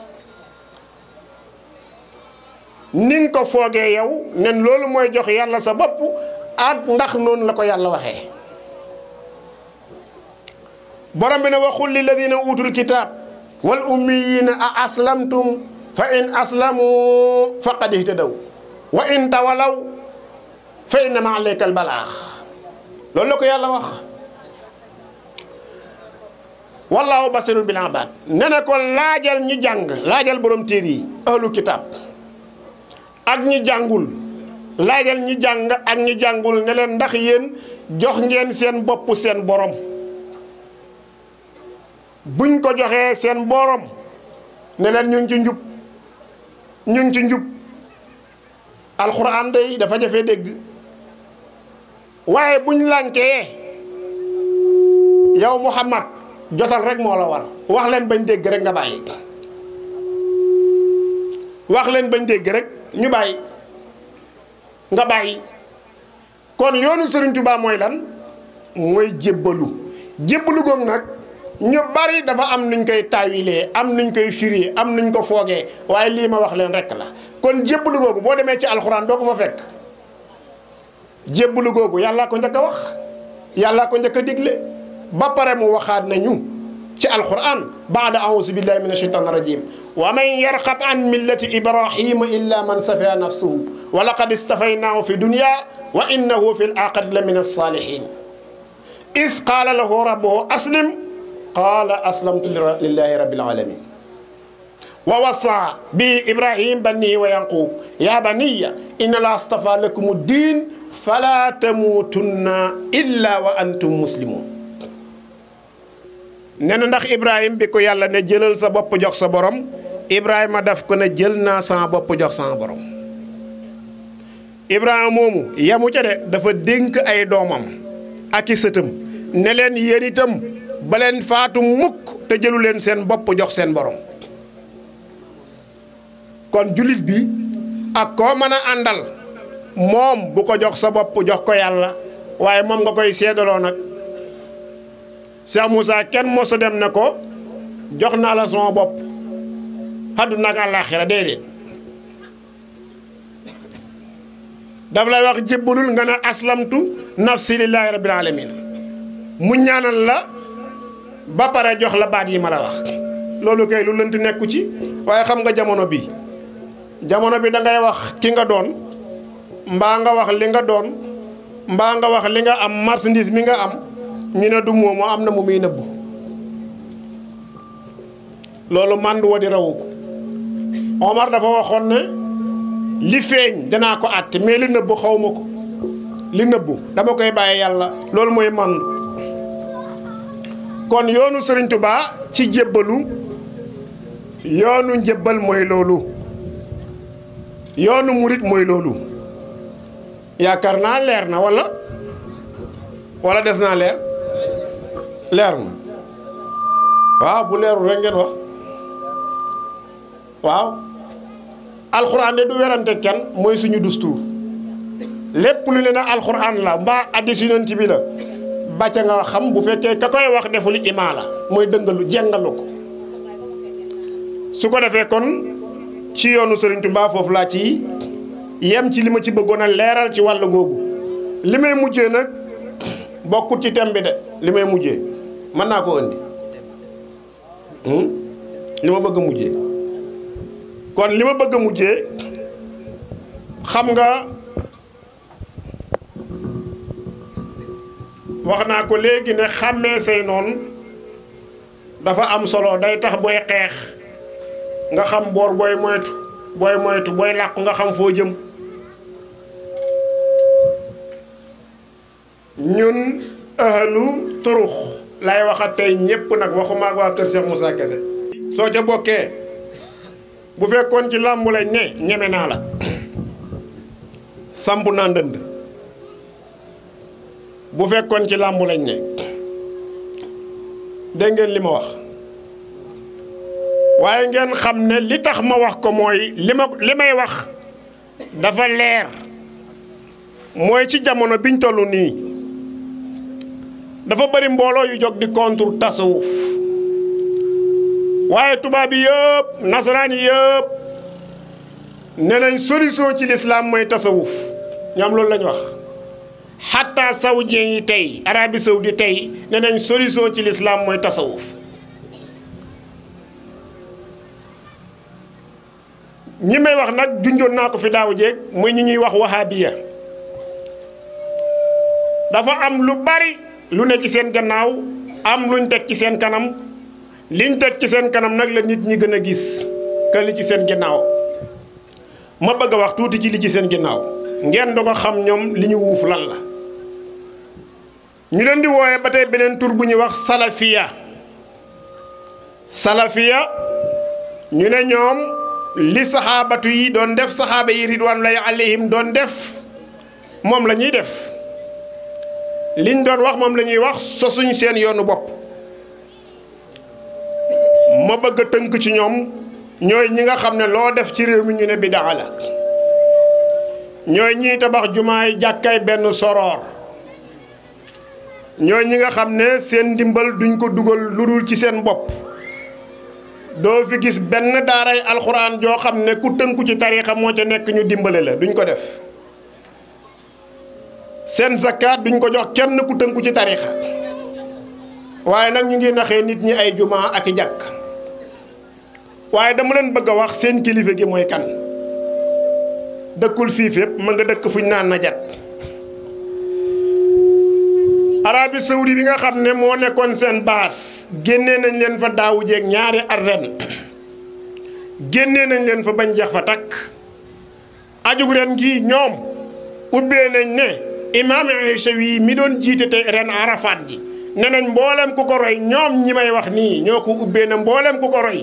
ning ko foogee yow nen lool moy jox yàlla sa bop ak ndax non la ko yàlla waxé borom bi ne waxul lil ladina utul kitab wal ummiyina a aslamtum fa in aslamu faqad ihtadaw wa in tawalaw fa inna ma'alaykal balagh loolu lako yalla wax wallahu basirul bil abad ne ko lajal ñu jang lajal borom teeri ahlul kitab ak ñu jangul lajal ñu jang ak ñu jangul ne len ndax yeen jox ngeen seen bop seen borom buñ ko joxe seen borom ne len ñu ci njub ñu ci njub alquran day dafa jafé waaye buñ lànkee yow Muhammad jotal rek moo la war wax leen bañ dégg rek nga bàyyi wax leen bañ dégg rek ñu bàyyi nga bàyyi kon yoonu Serigne Touba mooy lan mooy jébbalu jébbalu googu nag ñu bari dafa am nuñ koy taawilee am nañ koy firi am nañ ko foogee waaye lii ma wax leen rek la kon jébbalu googu boo demee ci alxuraan doo ko fa fekk. jébbalu googu yàlla ko njëkk a wax yàlla ko njëkk a digle ba pare mu waxaat nañu ci alquran baada auzu billahi min ashaytan rajim wa man yarqab an millati ibrahim illa man safiha nafsuhu wa laqad istafaynahu fi dunya wa innahu fi alaaxirati la min alsalihin is qala lahu rabbuhu aslim qala aslamtu lillahi rabbil alamin ووصى به إبراهيم بنيه ويعقوب يا بني إن الله اصطفى لكم الدين fala tamuutunna illa wa antum muslimun nee ndax Ibrahima bi ko yàlla ne jëlal sa bopp jox sa borom Ibrahima daf ko ne jël naa sama bopp jox sama borom Ibrahima moomu yamu ca de dafa dénk ay doomam ak i sëtam ne leen yéen itam ba leen faatu mukk te jëlu leen seen bopp jox seen borom kon jullit bi ak koo mën a àndal. moom bu ko jox sa bopp jox ko yàlla waaye moom nga koy seddaloo nag Cheikh Moussa kenn mosu dem ne ko jox naa la sama bopp àdduna ak àllaaxira déedéet daf lay wax jébbalul nga ne aslamtu nafsi lillaahi rabbil alamin mu ñaanal la ba pare jox la baat yi ma la wax loolu kay lu lënt nekku ci waaye xam nga jamono bi jamono bi da ngay wax ki nga doon mba nga wax li nga doon mba nga wax li nga am marchandise mi nga am ñu ne du moomu am na mu muy nëbb loolu mandu wa di rawu ko omar dafa waxoon ne li feeñ danaa ko àtte mais li nëbb xawma ko li nëbb dama koy bàyyi yàlla loolu mooy mandu kon yoonu sëriñ tuba ci jébbalu yoonu njëbbal mooy loolu yoonu murit mooy loolu Ya naa leer na wala wala des naa leer leer na waaw bu leerul rek ngeen wax waaw alxuraan de du werante kenn mooy suñu dustour lépp lu ne na alxuraan la mbaa addis yonent bi la bàcca nga xam bu fekkee ka koy wax deful imaa la mooy dëngalu ko su ko kon ci yoonu serigne touba foofu laa ci yem ci li ma ci bëggoon a leeral ci wàll googu li may mujje nag bokkut ci thème bi de li may mujjee mën naa ko indi hmm? li ma bëgg a mujjee kon li ma bëgg a mujjee xam nga wax naa ko léegi ne xàmmee say noon dafa am solo day tax booy xeex nga xam boor booy moytu booy moytu booy làqu nga xam foo jëm ñun ahlu turukh lay waxat tey ñépp nag waxuma ak wa keur Cheikh Moussa kesse so ca bokke bu fekkon ci lamb lay ne ñeme na la sambu na ndënd bu fekkon ci lamb lay ne de ngeen lima wax waye ngeen xamne li tax ma wax ko moy wax dafa leer moy ci jamono biñ ni dafa bari mbooloo yu jóg di contre tasawuf waaye tubaab yi yëpp nasaraan yi yëpp nee nañ solution ci lislaam mooy tasawuf ñoom loolu la ñu wax xatta saoudien yi tey arabi saoudi tey nee nañ solution ci lislaam mooy tasawuf ñi may wax nag junjoon naa ko fi daaw jeeg muy ñi ñuy wax wahabiya dafa am lu bari lu ne ci seen gannaaw am luñ teg ci seen kanam liñ teg ci seen kanam nag la nit ñi gën a gis que li ci seen gannaaw ma bëgg a wax tuuti ci li ci seen gannaaw ngeen doog ko xam ñoom li ñu wuuf lan la ñu leen di wooye ba tey beneen tur bu ñu wax salafiya salafiya ñu ne ñoom li sahabatu yi doon def sahaba yi ridwanullahi alayhim doon def moom la ñuy def liñ doon wax moom lañuy ñuy wax sosuñ seen yoonu bopp ma bëgg tënk ci ñoom ñooy ñi nga xam ne loo def ci réew mi ñu ne bidaa la ñooy ñiy tabax jumaay jàkkaay benn soroor ñooy ñi nga xam ne seen ndimbal duñ ko dugal lu dul ci seen bopp doo fi gis benn daaray alxuraan joo xam ne ku tënku ci tariixa moo ca nekk ñu dimbale la duñ ko def seen zakkaat duñ ko jox kenn ku tënku ci tariixa waaye nag ñu ngi naxee nit ñi ay jumaa ak i jàkk waaye dama leen bëgg a wax seen kilifa gi mooy kan dëkkul fii fépp ma nga dëkk fuñ naan na jat Arabie Saoudi bi nga xam ne moo nekkoon seen baas génnee nañ leen fa daawu jeeg ñaari at ren génnee nañ leen fa bañ jeex fa takk ajug ren gii ñoom ubbee nañ ne imaam Aysawi mi doon jiite te ren Arafat ji ne mboolem ku ko roy ñoom ñi may wax nii ñoo ko ubbee na mboolem ku ko roy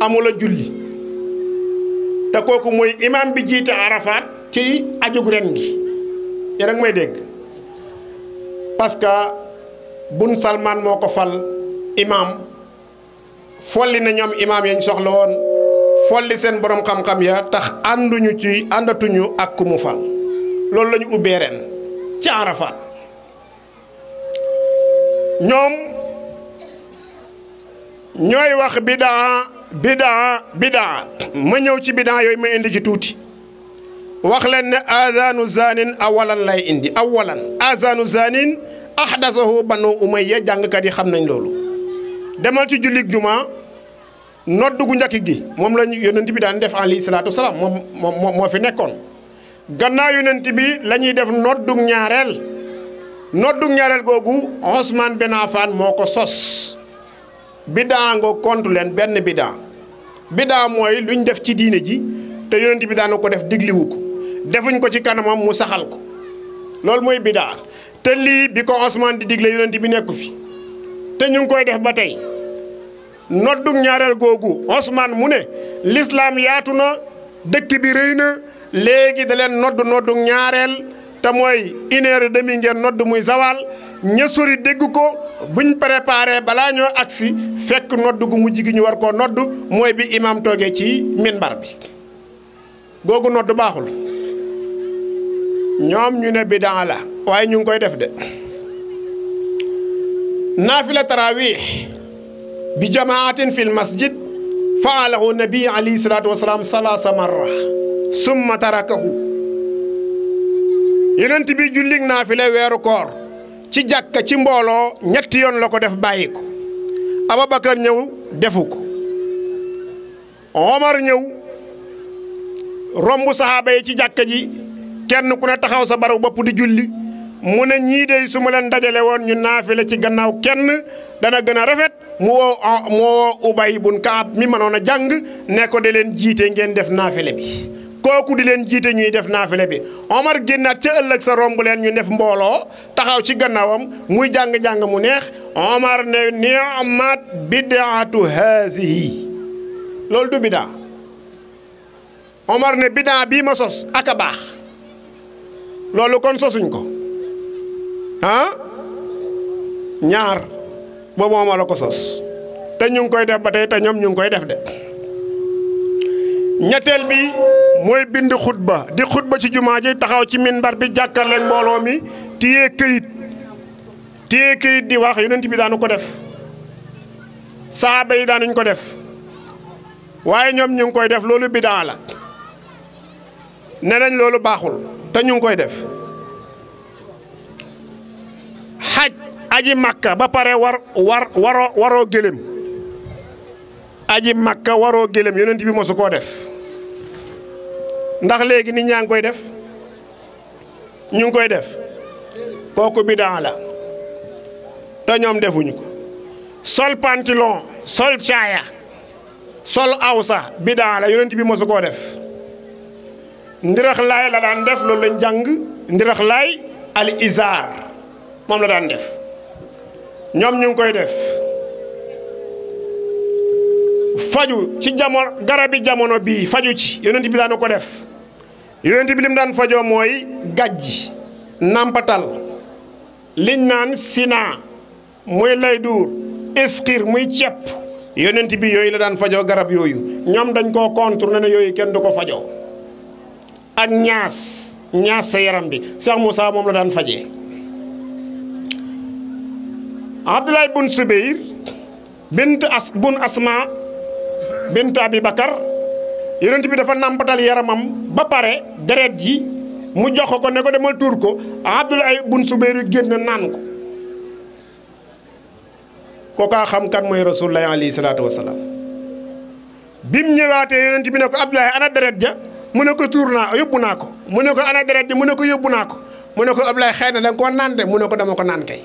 amula julli te kooku mooy imaam bi jiite Arafat ci ajug ren gi yéen a may dégg parce que bun Salman moo ko fal imaam folli na ñoom imaam yañ soxla woon folli seen borom xam-xam ya tax ànduñu ci àndatuñu ak ku mu fal. loolu lañu ñu ubbee ren ci Arafat ñoom ñooy wax bidaa bidaa bidaa ma ñëw ci bidaa yooyu ma indi ci tuuti wax leen ne azanu zanin awalan lay indi awalan azanu zanin ahdasahu banu umayya jàngkat yi xam nañ loolu demal ci jullig juma nodd gu njëkk gi moom lañ yonent bi daan def alayhi salaatu wasalaam moom moo moo fi nekkoon gannaaw yonent bi lañuy ñuy def noddug ñaareel noddug ñaareel googu Ousmane Ben Affan moo ko sos bidaa nga kontu leen benn bidaa bidaa mooy lu ñu def ci diine ji te yonent bi daana ko def digliwu ko defuñ ko ci kanamam mu saxal ko loolu mooy bidaa te lii bi ko Ousmane di digle yonent bi nekku fi te ñu ngi koy def ba tey noddug ñaareel googu Ousmane mu ne lislaam yaatu na dëkk bi rëy na léegi da leen nodd noddu ñaareel te mooy une heure demi ngeen nodd muy zawal ñësori dégg ko buñ préparé balaa ñoo agsi fekk nodd gu mujj gi ñu war koo nodd mooy bi imam toogee ci minbar bi googu nodd baaxul ñoom ñu ne bidan la waaye ñu ngi koy def de naafila tarawih bi jamaatin fi lmasjid faalahu nabi alayhi salatu wasalam salasa marra summa tarakahu yonent bi jullig naafile weeru koor ci jàkka ci mbooloo ñetti yoon la ko def bàyyi ko Ababakar ñëw defu ko Omar ñëw romb saxaaba yi ci jàkka ji kenn ku na taxaw sa baraw bopp di julli mu ne ñii de su ma leen dajale woon ñu naafile ci gannaaw kenn dana gën a rafet mu woo ah, mu woo Ubay bun Kaab mi mënoon a jàng ne ko de leen jiite ngeen def naafile mi koku di len jiite ñuy def naafile bi Omar génnaat ci ëlëk sa romb len ñu def mbolo taxaw ci gannaawam muy jang jang mu neex Omar ne ni'mat bid'atu hazihi lol du bid'a Omar ne bid'a bi ma sos ak a baax loolu kon sosuñ ko ah ñaar boobu Omar la ko sos te ñu ngi koy def batay te ñom ñu koy def de ñettel bi mooy bind xutba di xutba ci jumaa ji taxaw ci minbar bi jàkkaarloog mbooloo mi téye këyit kayit di wax yonent bi daanu ko def saaba yi daanuñ ko def waaye ñoom ñu ngi koy def loolu bidaa la ne nañ loolu baaxul te ñu ngi koy def xaj aji makka ba pare war war waroo waroo aji makka waroo gëlëm yonent bi mosu koo def ndax léegi nit ñaa ngi koy def ñu ngi koy def kooku bidaa la te ñoom defuñu ko sol pantalon sol caaya sol awsa bidaa la yonent bi mosu koo def ndirax laay la daan def loolu lañ jàng ndirax laay al izaar moom la daan def ñoom ñu ngi koy def faju ci jamono garabi jamono bii faju ci yonent bi daan ko def yonent bi lim daan fajo moy gàjj nampatal liñ naan sina moy lay dur eskir muy ciep yonent bi yoy la daan fajo garab yoyu ñom dañ ko contre na yoy kenn du ko fajoo ak ñaas ñaas sa yaram bi Cheikh musa mom la daan fajee abdullah ibn subair bint as bun Asma bint Abi Bakar yonent bi dafa nàmpatal yaramam ba pare deret ji mu jox ko ne ko demal tuur ko Abdullah ibn Zubayr génn naan ko kookaa xam kan mooy rasulullah alayhi salaatu wasalaam bi mu ñëwaatee yonent bi ne ko Abdullah ana deret ja mu ne ko tuur naa yóbbu naa ko mu ne ko ana deret ja mu ko yóbbu naa mu ne ko Abdullah xëy na da nga koo naan de mu ne ko dema ko naan kay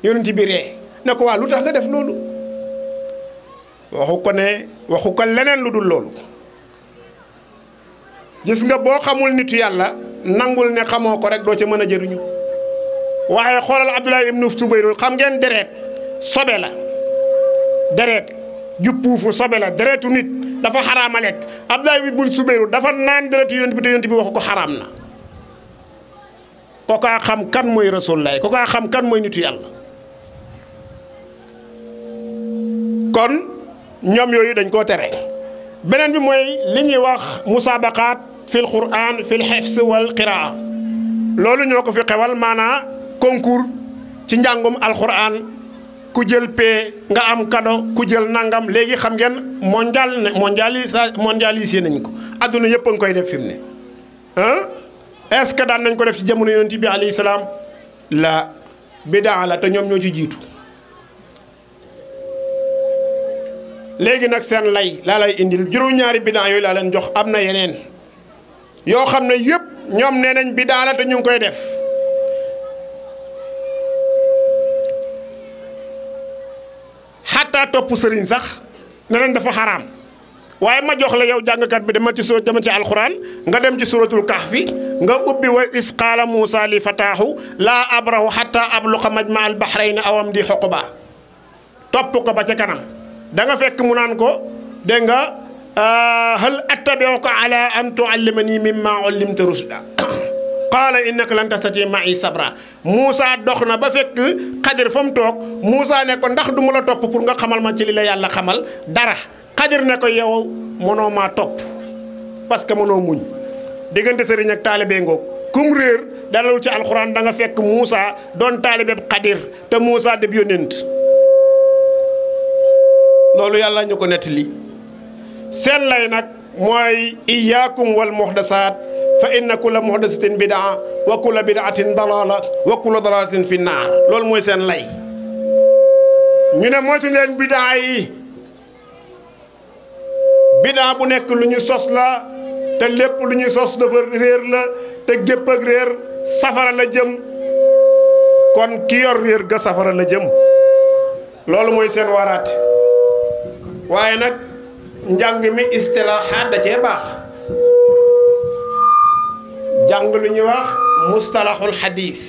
yonent bi ree ne ko waa lu tax nga def loolu waxu ko ne waxu ko leneen lu dul loolu gis nga boo xamul nitu yàlla nangul ne xamoo ko rek doo ca mën a jëriñu waaye xoolal Abdoulaye nu Subayrul xam ngeen deret sobe la deret ju puufu sobe la deretu nit dafa xaraama lekk Abdoulaye ibnu Subayru dafa naan deretu yoon bi te yonent bi wax ko xaraam na kookaa xam kan mooy ko kookaa xam kan mooy nitu yàlla kon ñoom yooyu dañ koo tere beneen bi mooy li ñuy wax musaabaqaat fil quraan fil xefs wal qiraa loolu ñoo ko fi xewal maanaa concours ci njàngum alquran ku jël pee nga am kado ku jël nangam léegi xam ngeen mondial mondialisa mondialisé nañ ko adduna yëpp a ngi koy def fi mu ne ah est ce que daan nañ ko def ci jamono yonent bi alayhi salaam la bidaa la te ñoom ñoo ci jiitu léegi nag seen lay laa lay indil juróom-ñaari bidaa yooyu laa leen jox am na yeneen yoo xam ne yëpp ñoom nee nañ bidaa la te ñu koy def xataa topp sëriñ sax nee nañ dafa xaraam waaye ma jox la yow jàngkat bi dama ci soo dama ci alxuraan nga dem ci suratul kahfi nga ubbi wa isqaala Muusa li fataahu laa abrahu xataa abluqa majma al bahrayni awam di xoqba topp ko ba ca kanam da fekk mu naan ko dégg hal attabiuka ala an tuallimani mimma ullimta rushda qaala sa lan maa ma'i sabra Moussa dox na ba fekk xadir fa mu toog Moussa ne ko ndax du ma topp pour nga xamal ma ci li la yàlla xamal dara xadir ne ko yow mënoo maa topp parce que mënoo muñ diggante sëriñ ak taalibe ngoog kum réer dalal ci alxuraan da nga fekk Moussa doon taalibe xadir te Moussa deb yónent loolu yàlla ñu ko nettali sen lay nak moy iyyakum wal muhdasat fa inna kull muhdasatin bid'a wa kull bid'atin dalala wa kull dalalatin fi nar lol moy sen lay ñu ne moytu len bid'a yi bid'a bu nek luñu sos la te lépp luñu sos dafa réer la te gep ak réer safara la jëm kon ki yor réer ga safara la jëm lol moy sen warat waye nak njàng mi istilaaxaat da cee baax jàng lu ñuy wax mustalaxul xadiis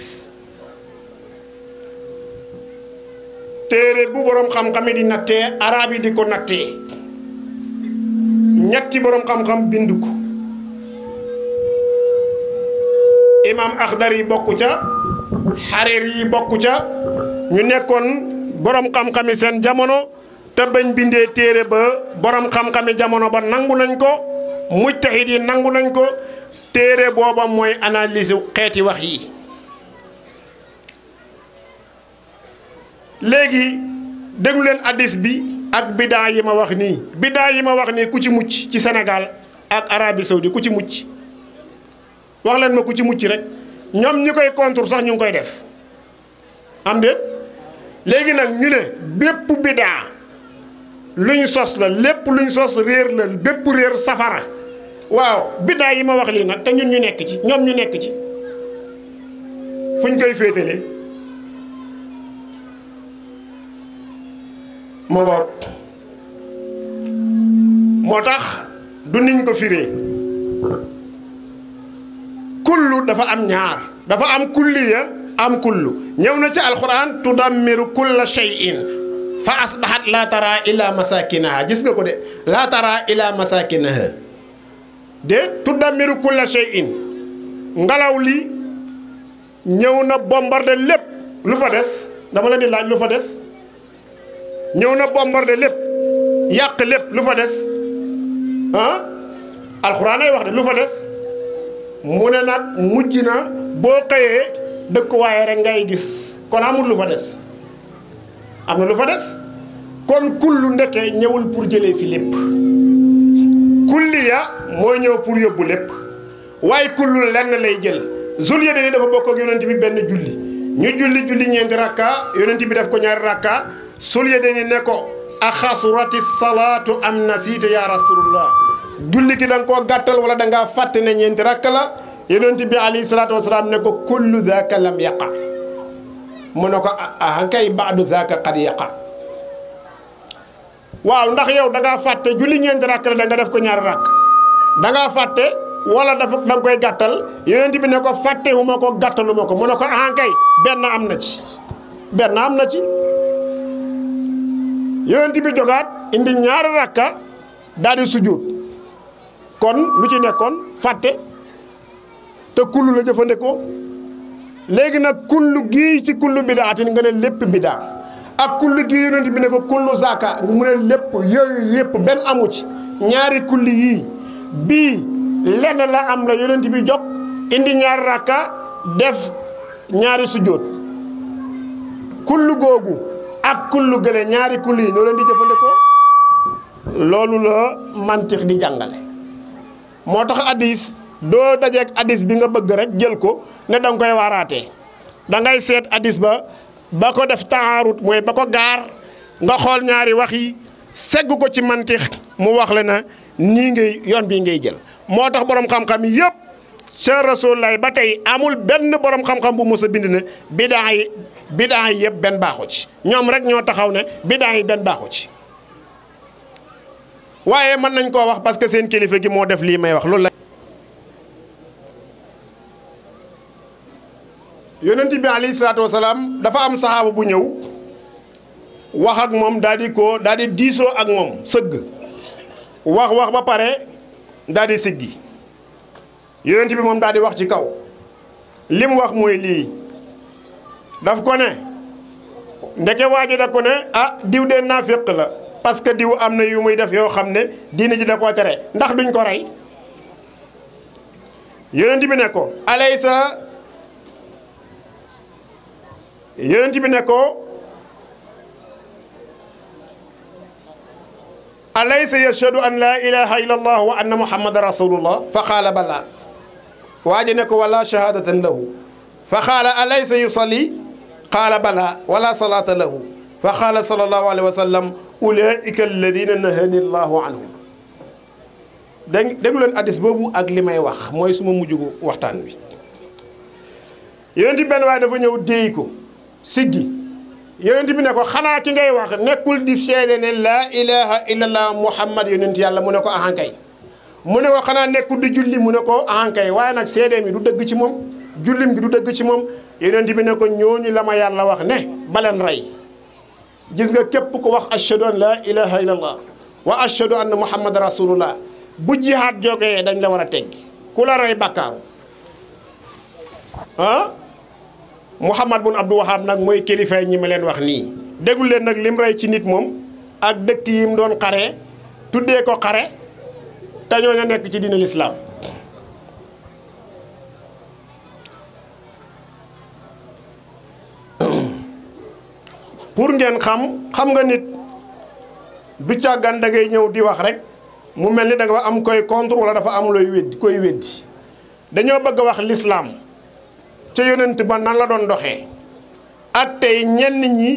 téere bu boroom xam-xam yi di nattee araab di ko nattee ñetti boroom xam-xam bind ko imaam Axdar yi ca xareer yi bokku ca ñu nekkoon boroom xam-xam seen jamono te bañ bindee téere ba boroom xam-xami jamono ba nangu nañ ko mujtahid yi nangu nañ ko téere boobam mooy analyse xeeti wax yi léegi déglu leen addis bi ak bidaa yi ma wax nii bidaa yi ma wax nii ku ci mucc ci senegal ak Arabie Saoudi ku ci mucc wax leen ma ku ci mucc rek ñoom ñi koy contre sax ñu ngi koy def am déet léegi nag ñu ne bépp bidaa lu ñu sos la lépp luñ ñu sos réer la bépp réer safara waaw biddaa yi ma wax lii nag te ñun ñu nekk ci ñoom ñu nekk ci fu ñu koy féetale moo bopp moo tax du niñ ko firee kullu dafa am ñaar dafa am kulliya am kullu ñëw na ci alxuraan tudammiru kulla shay'in fa asbahat laa tara illa masakinaha gis nga ko de laa tara illa masakinaha de tudamiru kulla shay'in ngelaw li ñëw na bombarde lépp lu fa des dama leen di laaj lu fa des ñëw na bombarde lépp yàq lépp lu fa des ah alxuraan wax de lu fa des mu ne nag mujj na boo xëyee dëkk waaye rek ngay gis kon amul lu fa des am na lu fa des kon kullu ndeke ñëwul pour jëlee fi lépp kulliya mooy ñëw pour yóbbu lépp waaye kullu lenn lay jël zul yële ni dafa bokk ak yonent benn julli ñu julli julli ñeenti rakka yonent bi def ko ñaari rakka sul yële ni ne ko a axasurati salaatu am na siite yaa rasulullah julli gi da koo gàttal wala dangaa fàtte ne ñeenti rakka la yonent bi alayhi salaatu wasalaam ne ko kullu daaka lam yaqa Monoko ne ah, badu ah kay baadu zaaka qad yaqa waaw ndax yow da nga fàtte julli ñent rak la da nga def ko ñaar rak da nga fàtte wala da fuk dang koy gàttal yonent bi ne ko wu mako gattal mako ah, kay ci ben amna ci bi jogaat indi ñaari rakka daal sujud kon lu ci nekkon fàtte te kullu la léegi nag kullu gii ci kullu bidaa tin nga ne lépp bidaa ak kullu gii yonent bi ne ko kullu zaka mu ne lépp yooyu yëpp benn amu ci ñaari kulli yii bii lenn la am la yonent bi jog indi ñaari rakka def ñaari sujjóot kullu googu ak kullu gële ñaari kulli yi noo leen di jëfandikoo loolu la mantix di jàngale moo tax hadis dajé ak hadith bi nga bëgg rek jël ko né dang koy waraté da ngay sét hadith ba ba ko def taarut moy ba ko gaar nga xol ñaari wax yi ségg ko ci mantix mu wax la na nii ngay yoon bi ngay jël motax borom xam-xam yépp ci rasulullah ba amul benn borom xam-xam bu mos bind ne bidaa yi bidaa yi yëpp benn baaxu ci ñom rek ño taxaw né bidaa yi ben baxu ci waye man nañ ko wax parce que seen kilifa gi mo def li may wax lool la. yonent bi alayhi salaatu wasalaam dafa am saxaaba bu ñëw wax ak moom daldi di ko daal diisoo ak moom sëgg wax wax ba pare daal di siggi yonent bi moom daal di wax ci kaw li wax mooy lii daf ko ne ndeke waaje da ko ne ah diw de naafiq la parce que diw am na yu muy def yoo xam ne diine ji da koo tere ndax duñ ko rey yonent bi ne ko alaysa yonent bi ne ko alaysa yashhadu an la ilaha illa allah wa anna muhammadan rasulullah fa qaala balaa waaja ne ko wala shahadatan lahu fa qaala alaysa yusalli qaala balaa wala salaata lahu fa qaala sallallahu alaihi wasallam sallam ulaika alladina nahani allahu anhum dégg déglu leen addis boobu ak li may wax mooy suma mujj waxtaan wi yonent benn waaye dafa ñëw déy siggi yonent bi na ko xanaa ki ngay wax nekkul di seede ne laa ilaha illallah muhammad yonent yàlla mu ne ko ahankay mu ne ko xanaa nekkul di julli mu ne ko ahankay waaye nag seedeem yi du dëgg ci moom jullim gi du dëgg ci moom yonent bi ne ko ñooñu la ma yàlla wax ne baleen rey gis nga képp ko wax ashhadu an laa ilaha illallah wa ashhadu anna muhammad rasulullah bu jihaad jógee dañ la war a teggi ku la rey bakkaaru ah Muhammad bin Abdou Wahab nak moy kilifa ñi ma len wax ni degul len nak lim ray ci nit moom ak dekk yi mu don xare tuddé ko xare te ñooñu nek ci dinul islam pour ngeen xam xam nga nit du càggan da ngay ñew di wax rek mu melni da nga am koy contre wala dafa am loy wedd koy wedd dañu bëgg wax l'islam ca yonent ba nan la doon doxee ak tey ñenn ñi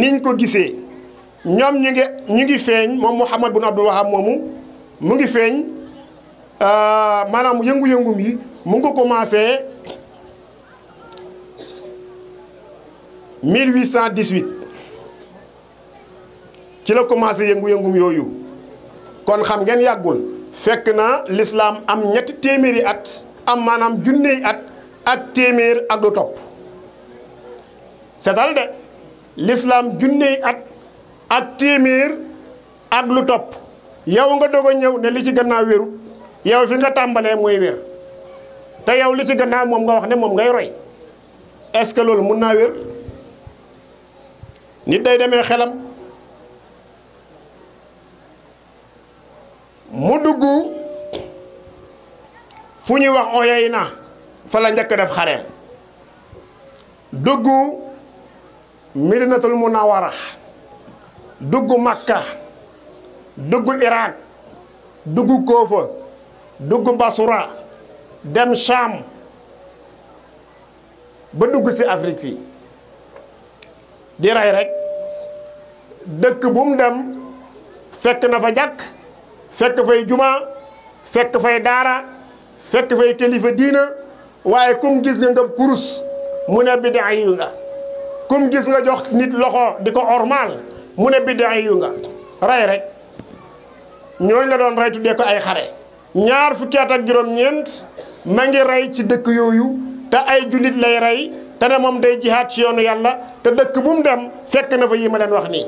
niñ ko gisee ñoom ñu ngi ñu ngi feeñ moom Muhammad bun Abdul Wahab moomu mu ngi feeñ euh, maanaam yëngu-yëngum yi mu ngi ko commencé 1818 ci la commencé yëngu-yëngum yooyu kon xam ngeen yàggul fekk na lislaam am ñetti téeméeri at am maanaam junney at ak témèr ak do top sétal de l'islam junney at ak témèr ak lu top yow nga dogo ñew né li ci gannaaw wëru yow fi nga tambalé moy wër té yow li ci mom nga wax né mom ngay roy est-ce que lool mun naa nit day démé xélam mu duggu fu wax fa la njëkk def xareem dugg medinatul munawara dugg makka dugg iraq dugg koofa dugg basura dem sham ba dugg ci afrique fii di rey rek dëkk bu mu dem fekk na fa jàkk fekk fay juma fekk fay daara fekk fay kilifa diina waaye kum gis nga ngëb kurus mu ne bidaa yu nga kum gis nga jox nit loxo di ko ormal mu ne bidaa yu nga rey rek ñooñu la doon rey tuddee ko ay xare ñaar fukki at ak juróom-ñeent ma ngi rey ci dëkk yooyu te ay jullit lay rey te ne moom day jihaat ci yoonu yàlla te dëkk bu mu dem fekk na fa yii ma leen wax nii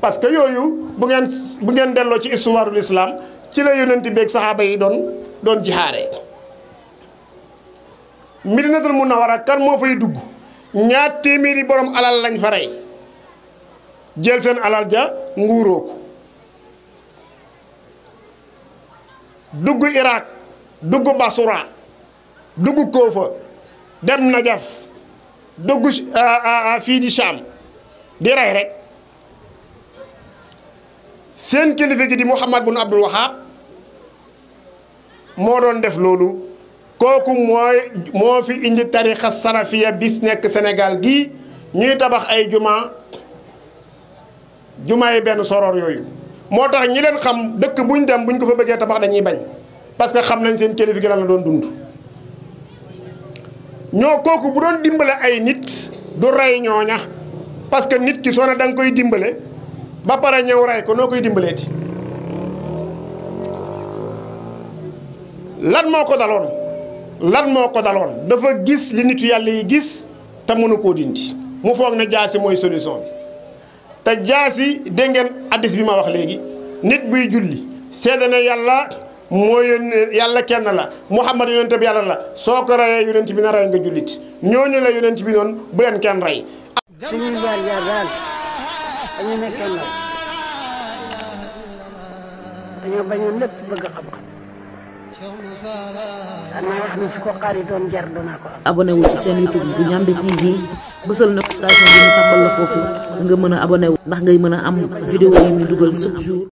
parce que yooyu bu ngeen bu ngeen delloo ci histoire ul islam ci la yonent beeg saxaaba yi doon doon jihaaree na Medinatul Munawara kan moo fay dugg ñaar téeméeri boroom alal lañ fa rey jël seen alal ja nguuroo ko dugg Irak dugg Basura dugg Koofa dem Najaf dugg ah, ah, ah, fii Sham di rey rek seen kilifa gi di Muhammad bun Abdul Wahab moo doon def loolu. kooku mooy moo fi indi tarixa salafiya bis nekk senegal gii ñuy tabax ay juma jumaa yi benn soror yooyu moo tax ñi leen xam dëkk buñ dem buñ ko fa bëggee tabax dañuy bañ parce que xam nañ seen kilifa gi lan la doon dund ñoo kooku bu doon dimbale ay nit du rey ñooña parce que nit ki soo ne da nga koy dimbale ba pare ñëw rey ko noo koy dimbalee ti lan moo ko daloon lan moo ko daloon dafa gis li nitu yàlla yi gis te mënu koo dindi mu foog ne jaasi mooy solution te jaasi dégg ngeen addis bi ma wax léegi nit buy julli seede ne yàlla mooy yàlla kenn la Muhammad yonent bi yàlla la soo ko rayee yonent bi na rey nga jullit ñooñu la yonent bi noonu bu leen kenn rey. suñuy jaar jaar daal dana wax ni ko xaritoon jar seen YouTube bu Ndiamé TV bësal na station bi ñu tàmbal la foofu nga mën a abonné wu ndax ngay mën a am vidéo yi ñu dugal chaque jour.